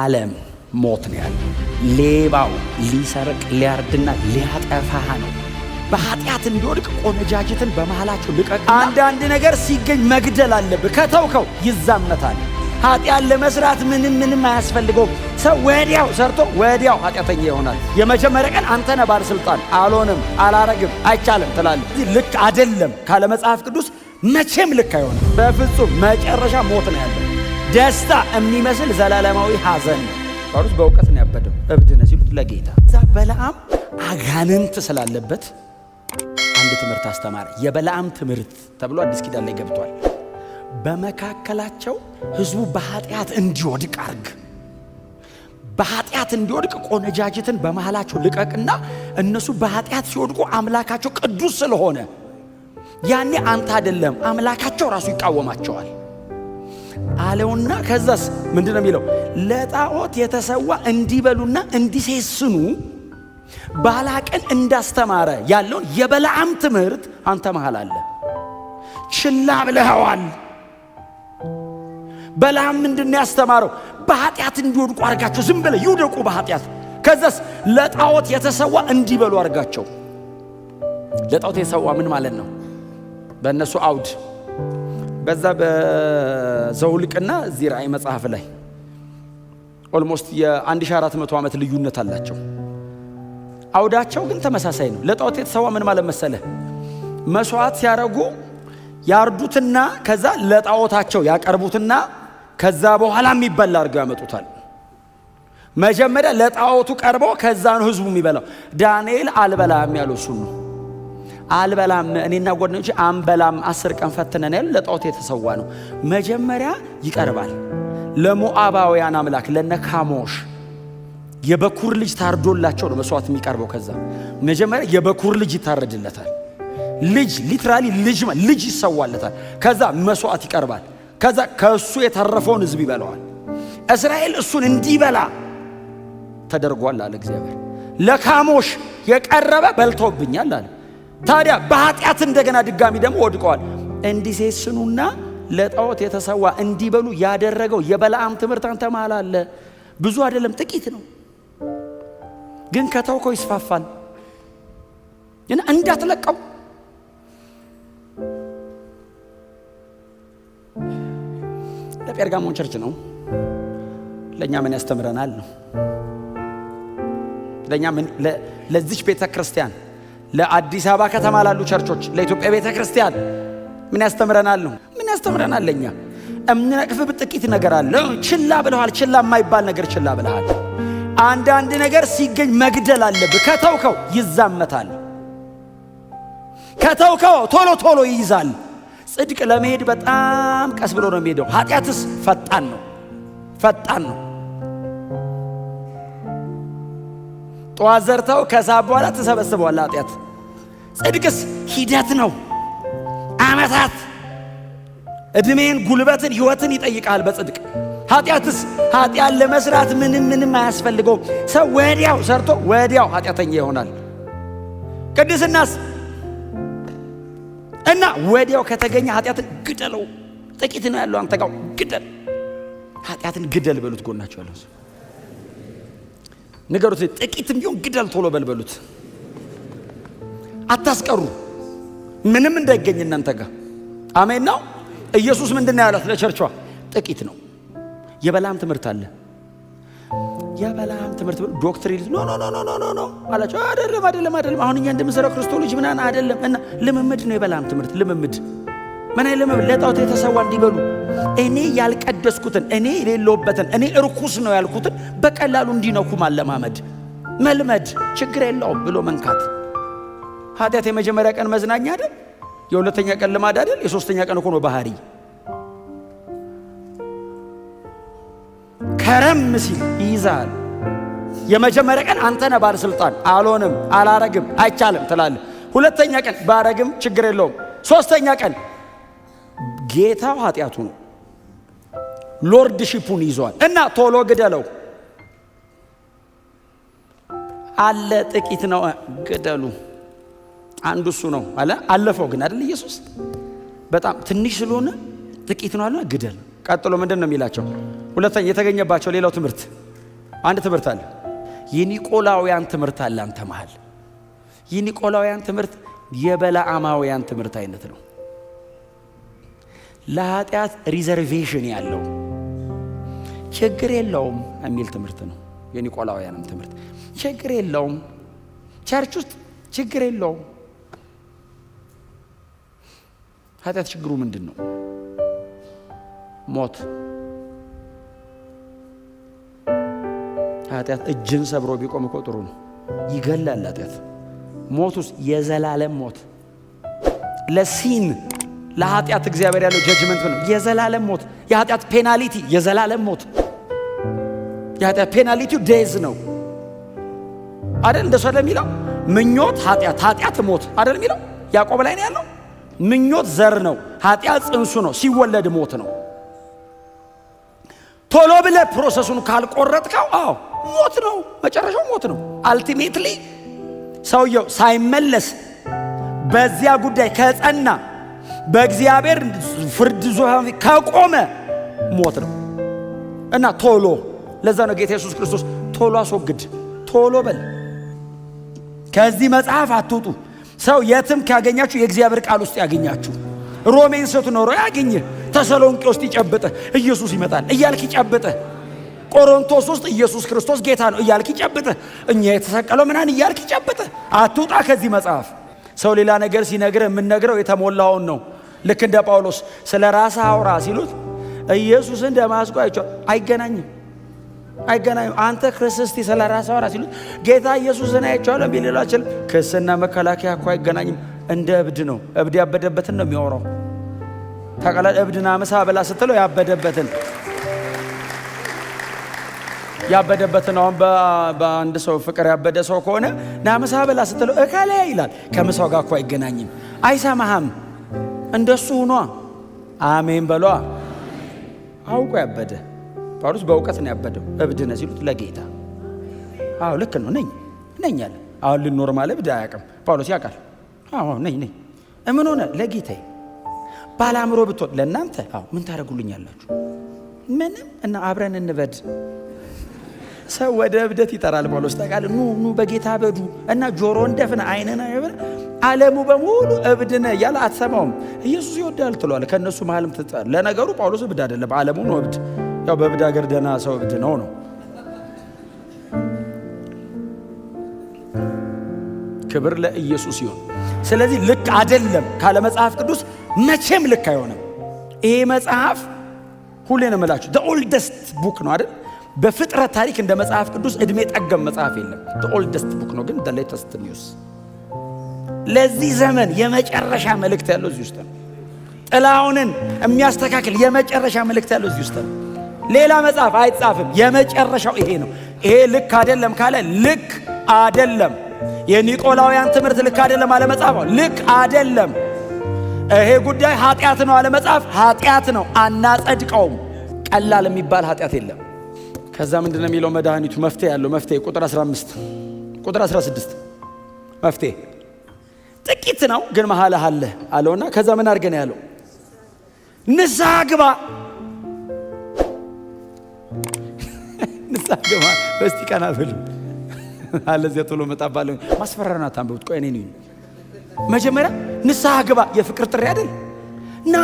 ዓለም ሞት ነው ያለ። ሌባው ሊሰርቅ ሊያርድና ሊያጠፋህ ነው። በኃጢአት እንዲወድቅ ቆነጃጅትን በመሃላቸው ልቀቅ። አንዳንድ ነገር ሲገኝ መግደል አለብህ። ከተውከው ይዛመታል። ኃጢአት ለመስራት ምንም ምንም አያስፈልገውም። ሰው ወዲያው ሰርቶ ወዲያው ኃጢአተኛ ይሆናል። የመጀመሪያ ቀን አንተ ነህ ባለሥልጣን። አልሆንም፣ አላረግም፣ አይቻልም ትላለህ። ልክ አደለም ካለ መጽሐፍ ቅዱስ መቼም ልክ አይሆንም። በፍጹም መጨረሻ ሞት ነው ያለው። ደስታ የሚመስል ዘላለማዊ ሐዘን ነው። ጳውሎስ በእውቀት ነው ያበደው፣ እብድ ነህ ሲሉት ለጌታ እዛ በለዓም አጋንንት ስላለበት አንድ ትምህርት አስተማረ። የበለዓም ትምህርት ተብሎ አዲስ ኪዳን ላይ ገብቷል። በመካከላቸው ህዝቡ በኃጢአት እንዲወድቅ አርግ፣ በኃጢአት እንዲወድቅ ቆነጃጅትን በመሃላቸው ልቀቅና እነሱ በኃጢአት ሲወድቁ አምላካቸው ቅዱስ ስለሆነ ያኔ አንተ አይደለም አምላካቸው ራሱ ይቃወማቸዋል። አለውና ከዛስ ምንድነው የሚለው? ለጣዖት የተሰዋ እንዲበሉና እንዲሴስኑ ባላቅን እንዳስተማረ ያለውን የበላዓም ትምህርት አንተ መሃል አለ። ችላ ብለኸዋል። በላዓም ምንድን ያስተማረው? በኃጢአት እንዲወድቁ አርጋቸው ዝም ብለህ ይውደቁ በኃጢአት። ከዛስ ለጣዖት የተሰዋ እንዲበሉ አርጋቸው? ለጣዖት የተሰዋ ምን ማለት ነው በእነሱ አውድ በዛ በዘውልቅና እዚህ ራእይ መጽሐፍ ላይ ኦልሞስት የ1400 ዓመት ልዩነት አላቸው። አውዳቸው ግን ተመሳሳይ ነው። ለጣዖት የተሰዋ ምን ማለት መሰለ መስዋዕት ሲያረጉ ያርዱትና ከዛ ለጣዖታቸው ያቀርቡትና ከዛ በኋላ የሚበላ አድርገው ያመጡታል። መጀመሪያ ለጣዖቱ ቀርበው ከዛ ነው ህዝቡ የሚበላው። ዳንኤል አልበላም ያለው እሱን ነው። አልበላም እኔና ጓደኞች አንበላም፣ አስር ቀን ፈትነን ያለ ለጣዖት የተሰዋ ነው። መጀመሪያ ይቀርባል ለሞአባውያን አምላክ ለነካሞሽ የበኩር ልጅ ታርዶላቸው ነው መስዋዕት የሚቀርበው። ከዛ መጀመሪያ የበኩር ልጅ ይታረድለታል። ልጅ ሊትራሊ ልጅ ልጅ ይሰዋለታል። ከዛ መስዋዕት ይቀርባል። ከዛ ከእሱ የተረፈውን ህዝብ ይበላዋል። እስራኤል እሱን እንዲበላ ተደርጓል አለ እግዚአብሔር። ለካሞሽ የቀረበ በልቶብኛል አለ ታዲያ በኃጢአት እንደገና ድጋሚ ደግሞ ወድቀዋል። እንዲሴስኑና ለጣዖት የተሰዋ እንዲበሉ ያደረገው የበለዓም ትምህርት አንተ መሃል አለ። ብዙ አይደለም ጥቂት ነው፣ ግን ከተውከው ይስፋፋል እና እንዳትለቀው ለጴርጋሞን ቸርች ነው። ለእኛ ምን ያስተምረናል ነው ለእኛ ለዚች ቤተ ክርስቲያን ለአዲስ አበባ ከተማ ላሉ ቸርቾች፣ ለኢትዮጵያ ቤተ ክርስቲያን ምን ያስተምረናል ነው? ምን ያስተምረናል? ለእኛ እምነቅፍብ ጥቂት ነገር አለ። ችላ ብለሃል። ችላ የማይባል ነገር ችላ ብለሃል። አንዳንድ ነገር ሲገኝ መግደል አለብህ። ከተውከው ይዛመታል። ከተውከው ቶሎ ቶሎ ይይዛል። ጽድቅ ለመሄድ በጣም ቀስ ብሎ ነው የሚሄደው። ኃጢአትስ ፈጣን ነው፣ ፈጣን ነው። ጠዋት ዘርተው ከሳብ በኋላ ተሰበስበዋል። ኃጢአት ጽድቅስ ሂደት ነው። ዓመታት ዕድሜን፣ ጉልበትን፣ ሕይወትን ይጠይቃል። በጽድቅ ኃጢአትስ ኃጢአት ለመስራት ምንም ምንም አያስፈልገው። ሰው ወዲያው ሰርቶ ወዲያው ኃጢአተኛ ይሆናል። ቅድስናስ እና ወዲያው ከተገኘ ኃጢአትን ግደለው። ጥቂት ነው ያለው አንተ ጋር ግደል፣ ኃጢአትን ግደል በሉት ጎናቸው ያለው ንገሩት፣ ጥቂትም ቢሆን ግደል፣ ቶሎ በልበሉት፣ አታስቀሩ፣ ምንም እንዳይገኝ እናንተ ጋር። አሜን ነው። ኢየሱስ ምንድን ነው ያላት ለቸርቿ? ጥቂት ነው። የበላም ትምህርት አለ። የበላም ትምህርት ዶክትሪን ኖ ኖ ኖ ኖ ኖ አላቸው። አይደለም፣ አይደለም፣ አይደለም። አሁን እኛ እንደምንሰራው ክርስቶሎጂ ምናምን አይደለም። እና ልምምድ ነው የበላም ትምህርት ልምምድ ምን አይልም ለጣዖት የተሰዋ እንዲበሉ እኔ ያልቀደስኩትን እኔ የሌለውበትን እኔ እርኩስ ነው ያልኩትን በቀላሉ እንዲነኩ ማለማመድ መልመድ ችግር የለውም ብሎ መንካት። ኃጢአት የመጀመሪያ ቀን መዝናኛ አይደል? የሁለተኛ ቀን ልማድ አይደል? የሶስተኛ ቀን እኮ ነው ባህሪ። ከረም ሲል ይይዛል። የመጀመሪያ ቀን አንተ ነህ ባለስልጣን። አልሆንም፣ አላረግም፣ አይቻልም ትላለ ሁለተኛ ቀን ባረግም ችግር የለውም። ሶስተኛ ቀን ጌታው ኃጢአቱ ነው። ሎርድሺፑን ይዟል እና ቶሎ ግደለው አለ። ጥቂት ነው ግደሉ። አንዱ እሱ ነው አለ። አለፈው ግን አይደል ኢየሱስ በጣም ትንሽ ስለሆነ ጥቂት ነው አለ ግደል። ቀጥሎ ምንድን ነው የሚላቸው? ሁለተኛ የተገኘባቸው ሌላው ትምህርት አንድ ትምህርት አለ። የኒቆላውያን ትምህርት አለ አንተ መሃል። የኒቆላውያን ትምህርት የበላአማውያን ትምህርት አይነት ነው። ለኃጢአት ሪዘርቬሽን ያለው ችግር የለውም የሚል ትምህርት ነው። የኒቆላውያንም ትምህርት ችግር የለውም፣ ቸርች ውስጥ ችግር የለውም። ኃጢአት ችግሩ ምንድን ነው? ሞት። ኃጢአት እጅን ሰብሮ ቢቆም እኮ ጥሩ ነው፣ ይገላል። ኃጢአት ሞት ውስጥ የዘላለም ሞት ለሲን ለኃጢአት እግዚአብሔር ያለው ጀጅመንት ነው የዘላለም ሞት። የኃጢአት ፔናሊቲ የዘላለም ሞት። የኃጢአት ፔናሊቲው ዴዝ ነው አደል? እንደ አይደል የሚለው ምኞት ኃጢአት፣ ኃጢአት ሞት አደል የሚለው ያዕቆብ ላይ ነው ያለው። ምኞት ዘር ነው፣ ኃጢአት ጽንሱ ነው፣ ሲወለድ ሞት ነው። ቶሎ ብለ ፕሮሰሱን ካልቆረጥከው፣ አዎ ሞት ነው፣ መጨረሻው ሞት ነው። አልቲሜትሊ ሰውየው ሳይመለስ በዚያ ጉዳይ ከጸና በእግዚአብሔር ፍርድ ዙፋን ከቆመ ሞት ነው እና ቶሎ። ለዛ ነው ጌታ ኢየሱስ ክርስቶስ ቶሎ አስወግድ፣ ቶሎ በል፣ ከዚህ መጽሐፍ አትውጡ። ሰው የትም ካገኛችሁ የእግዚአብሔር ቃል ውስጥ ያገኛችሁ። ሮሜን ኖሮ ያገኝህ፣ ተሰሎንቄ ውስጥ ይጨብጥህ፣ ኢየሱስ ይመጣል እያልክ ይጨብጥህ። ቆሮንቶስ ውስጥ ኢየሱስ ክርስቶስ ጌታ ነው እያልክ ይጨብጥህ። እኛ የተሰቀለው ምናን እያልክ ይጨብጥህ። አትውጣ ከዚህ መጽሐፍ። ሰው ሌላ ነገር ሲነግር የምንነግረው የተሞላውን ነው። ልክ እንደ ጳውሎስ ስለ ራስ አውራ ሲሉት ኢየሱስን ደማስቆ አይቼዋለሁ። አይገናኝም፣ አይገናኝም። አንተ ክርስቶስ ስለ ራስ አውራ ሲሉት ጌታ ኢየሱስን አይቼዋለሁ ቢል ሌላ ክስና መከላከያ እኮ አይገናኝም። እንደ እብድ ነው። እብድ ያበደበትን ነው የሚያወራው። ተቀላ እብድና ምሳ በላ ስትለው ያበደበትን ያበደበትን አሁን በአንድ ሰው ፍቅር ያበደ ሰው ከሆነ ናምሳ በላ ስትለው እከሌ ይላል። ከምሳው ጋር እኮ አይገናኝም። አይሰማህም እንደሱ ሆኗ። አሜን በሏ። አውቆ ያበደ ጳውሎስ በእውቀት ነው ያበደው። እብድ ነህ ሲሉት ለጌታ አዎ ልክ ነው ነኝ ነኝ አለ። አሁን ልኖር ማለት እብድ አያውቅም ጳውሎስ ያውቃል። አዎ ነኝ ነኝ እምን ሆነ ለጌታዬ ባላምሮ ብትሆን ለእናንተ አዎ ምን ታደርጉልኛላችሁ? ምንም እና አብረን እንበድ። ሰው ወደ እብደት ይጠራል ጳውሎስ ታውቃለህ። ኑ ኑ በጌታ በዱ እና ጆሮን ደፍነ አይነና ዓለሙ በሙሉ እብድ ነህ እያለ አትሰማውም። ኢየሱስ ይወዳል ትሏል። ከእነሱ መሃልም ትጠር። ለነገሩ ጳውሎስ እብድ አይደለም፣ ዓለሙ ነው እብድ። ያው በእብድ አገር ደህና ሰው እብድ ነው ነው። ክብር ለኢየሱስ ይሁን። ስለዚህ ልክ አይደለም ካለ መጽሐፍ ቅዱስ መቼም ልክ አይሆንም። ይሄ መጽሐፍ ሁሌ ነው የምላችሁ ኦልደስት ቡክ ነው አይደል? በፍጥረት ታሪክ እንደ መጽሐፍ ቅዱስ እድሜ ጠገም መጽሐፍ የለም። ኦልደስት ቡክ ነው ግን ሌተስት ኒውስ ለዚህ ዘመን የመጨረሻ መልእክት ያለው እዚህ ውስጥ ነው። ጥላውንን የሚያስተካክል የመጨረሻ መልእክት ያለው እዚህ ውስጥ ነው። ሌላ መጽሐፍ አይጻፍም። የመጨረሻው ይሄ ነው። ይሄ ልክ አይደለም ካለ ልክ አይደለም። የኒቆላውያን ትምህርት ልክ አይደለም አለ መጽሐፍ፣ ልክ አይደለም። ይሄ ጉዳይ ኃጢአት ነው አለ መጽሐፍ፣ ኃጢአት ነው፣ አናጸድቀውም። ቀላል የሚባል ኃጢአት የለም። ከዛ ምንድን ነው የሚለው መድኃኒቱ? መፍትሄ ያለው መፍትሄ ቁጥር 15 ቁጥር 16 መፍትሄ ጥቂት ነው ግን መሀልህ አለ አለውና ከዛ ምን አድርገን ያለው ንስሐ ግባ ንስሐ ግባ። በስቲ ቀና ብሉ አለዚያ ቶሎ መጣባለ ማስፈራሪያውን አታንብቡት። ቆይ እኔ መጀመሪያ ንስሐ ግባ የፍቅር ጥሪ አይደል ና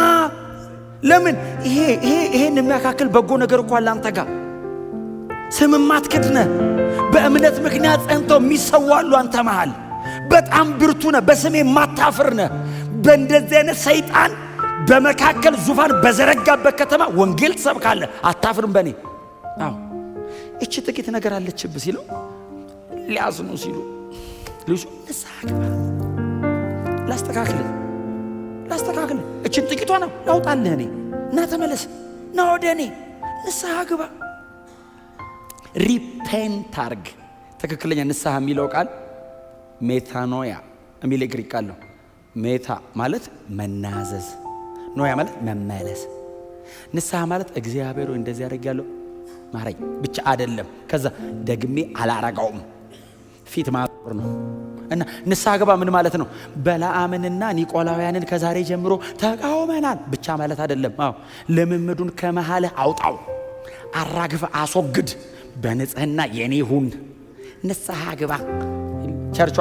ለምን ይሄ ይሄ ይሄን የሚያካክል በጎ ነገር እንኳን ላንተ ጋር ስምማት ክድነ በእምነት ምክንያት ጸንተው የሚሰዋሉ አንተ መሃል በጣም ብርቱ ነህ፣ በስሜ የማታፍር ነህ። በእንደዚህ አይነት ሰይጣን በመካከል ዙፋን በዘረጋበት ከተማ ወንጌል ትሰብካለህ፣ አታፍርም በእኔ። አዎ እቺ ጥቂት ነገር አለችብ ሲሉ ሊያዝኑ ሲሉ ልጁ ንስሐ ግባ፣ ላስተካክል፣ ላስተካክልህ፣ እችን ጥቂቷ ነው ላውጣልህ እኔ እና ተመለስ ና ወደ እኔ ንስሐ ግባ። ሪፔንት አርግ። ትክክለኛ ንስሐ የሚለው ቃል ሜታኖያ የሚል የግሪክ ቃል ነው። ሜታ ማለት መናዘዝ፣ ኖያ ማለት መመለስ። ንስሐ ማለት እግዚአብሔር ወይ እንደዚህ አደርጋለሁ ማረኝ ብቻ አይደለም፣ ከዛ ደግሜ አላረጋውም ፊት ማር ነው። እና ንስሐ ገባ ምን ማለት ነው? በለዓምንና ኒቆላውያንን ከዛሬ ጀምሮ ተቃውመናል ብቻ ማለት አይደለም። አዎ ልምምዱን ከመሃልህ አውጣው፣ አራግፈ አስወግድ፣ በንጽህና የኔ ሁን፣ ንስሐ ግባ። ቸርቿ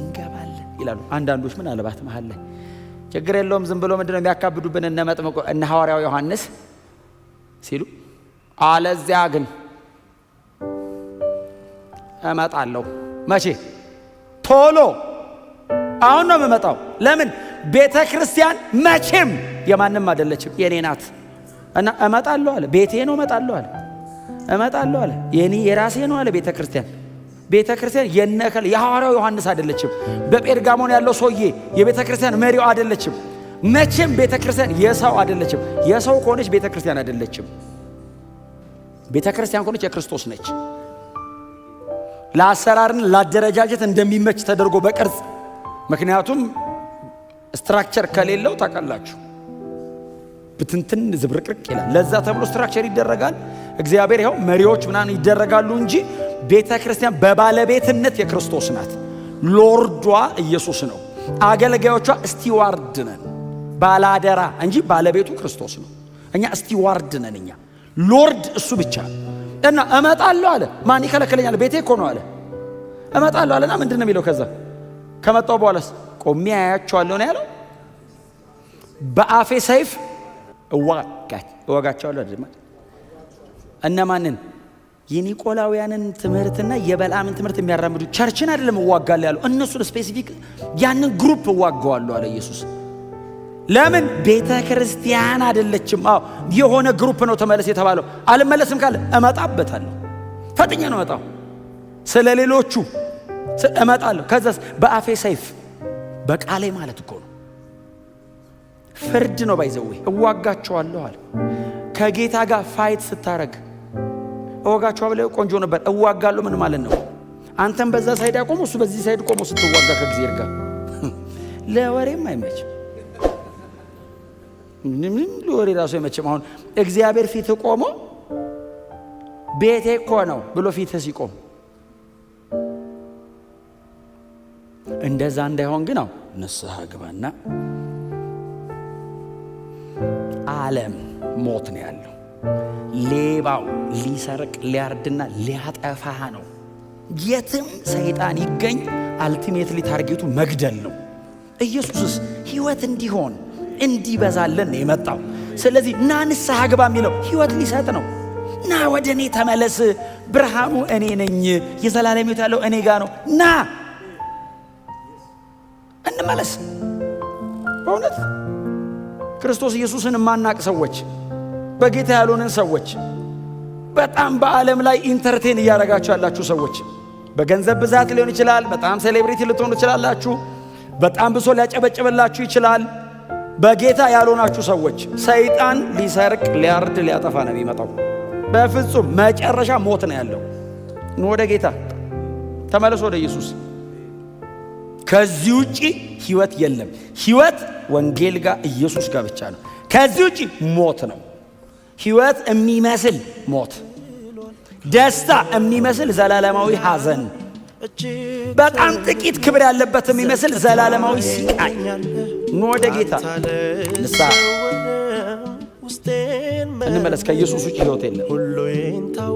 እንገባለን ይላሉ። አንዳንዶች ምናልባት መሀል ላይ ችግር የለውም ዝም ብሎ ምንድነው የሚያካብዱብን እነ መጥምቁ እነ ሐዋርያው ዮሐንስ ሲሉ አለዚያ ግን እመጣለሁ። መቼ? ቶሎ አሁን ነው የምመጣው። ለምን? ቤተ ክርስቲያን መቼም የማንም አይደለችም የኔ ናት እና እመጣለሁ አለ። ቤቴ ነው እመጣለሁ አለ። እመጣለሁ አለ። የኔ የራሴ ነው አለ ቤተ ክርስቲያን ቤተ ክርስቲያን የነከል የሐዋርያው ዮሐንስ አይደለችም። በጴርጋሞን ያለው ሰውዬ የቤተ ክርስቲያን መሪው አይደለችም። መቼም ቤተ ክርስቲያን የሰው አይደለችም። የሰው ከሆነች ቤተ ክርስቲያን አይደለችም። ቤተ ክርስቲያን ከሆነች የክርስቶስ ነች። ለአሰራርን ለአደረጃጀት እንደሚመች ተደርጎ በቅርጽ ምክንያቱም ስትራክቸር ከሌለው ታውቃላችሁ ብትንትን ዝብርቅርቅ ይላል። ለዛ ተብሎ ስትራክቸር ይደረጋል። እግዚአብሔር ይኸው መሪዎች ምናምን ይደረጋሉ እንጂ ቤተ ክርስቲያን በባለቤትነት የክርስቶስ ናት። ሎርዷ ኢየሱስ ነው። አገልጋዮቿ ስቲዋርድ ነን፣ ባላደራ እንጂ ባለቤቱ ክርስቶስ ነው። እኛ ስቲዋርድ ነን። እኛ ሎርድ እሱ ብቻ እና እመጣለሁ አለ። ማን ይከለክለኛል? ቤቴ እኮ ነው አለ። እመጣለሁ አለና ምንድን ነው የሚለው? ከዛ ከመጣው በኋላስ ቆሜ አያቸዋለሁ ነው ያለው። በአፌ ሰይፍ እወጋቸዋለሁ። እነማንን? የኒቆላውያንን ትምህርትና የበልአምን ትምህርት የሚያራምዱ ቸርችን አይደለም እዋጋለሁ ያሉ እነሱን ስፔሲፊክ ያንን ግሩፕ እዋጋዋለሁ አለ ኢየሱስ። ለምን ቤተ ክርስቲያን አይደለችም? አዎ የሆነ ግሩፕ ነው ተመለስ የተባለው። አልመለስም ካለ እመጣበታለሁ። ፈጥኛ ነው እመጣው። ስለ ሌሎቹ እመጣለሁ። ከዛስ በአፌ ሰይፍ በቃሌ ማለት እኮ ነው ፍርድ ነው። ባይዘዌ እዋጋቸዋለሁ አለ። ከጌታ ጋር ፋይት ስታረግ እወጋቸዋ ብለው ቆንጆ ነበር። እዋጋለሁ ምን ማለት ነው? አንተም በዛ ሳይድ አቆሙ፣ እሱ በዚህ ሳይድ ቆሞ ስትዋጋ ከጊዜ ጋር ለወሬም አይመችም። ምንም ለወሬ ራሱ አይመችም። አሁን እግዚአብሔር ፊት ቆሞ ቤቴ እኮ ነው ብሎ ፊት ሲቆም እንደዛ እንዳይሆን ግን ንስሐ ግባና ዓለም ሞት ነው ያለው ሌባው ሊሰርቅ ሊያርድና ሊያጠፋ ነው። የትም ሰይጣን ይገኝ፣ አልቲሜትሊ ታርጌቱ መግደል ነው። ኢየሱስስ ሕይወት እንዲሆን እንዲበዛለን ነው የመጣው። ስለዚህ ና ንስሐ ግባ የሚለው ሕይወት ሊሰጥ ነው። ና ወደ እኔ ተመለስ፣ ብርሃኑ እኔ ነኝ፣ የዘላለም ሕይወት ያለው እኔ ጋር ነው። ና እንመለስ። በእውነት ክርስቶስ ኢየሱስን የማናቅ ሰዎች በጌታ ያልሆንን ሰዎች በጣም በዓለም ላይ ኢንተርቴን እያደረጋችሁ ያላችሁ ሰዎች በገንዘብ ብዛት ሊሆን ይችላል። በጣም ሴሌብሪቲ ልትሆኑ ትችላላችሁ። በጣም ብሶ ሊያጨበጭበላችሁ ይችላል። በጌታ ያልሆናችሁ ሰዎች ሰይጣን ሊሰርቅ፣ ሊያርድ፣ ሊያጠፋ ነው የሚመጣው። በፍጹም መጨረሻ ሞት ነው ያለው። ኑ ወደ ጌታ ተመለሱ፣ ወደ ኢየሱስ። ከዚህ ውጪ ህይወት የለም። ህይወት ወንጌል ጋር ኢየሱስ ጋር ብቻ ነው። ከዚህ ውጪ ሞት ነው። ህይወት የሚመስል ሞት፣ ደስታ የሚመስል ዘላለማዊ ሐዘን፣ በጣም ጥቂት ክብር ያለበት የሚመስል ዘላለማዊ ሲቃይ ኑ ወደ ጌታ ንሳ እንመለስ። ከኢየሱስ ውጭ ሕይወት የለም።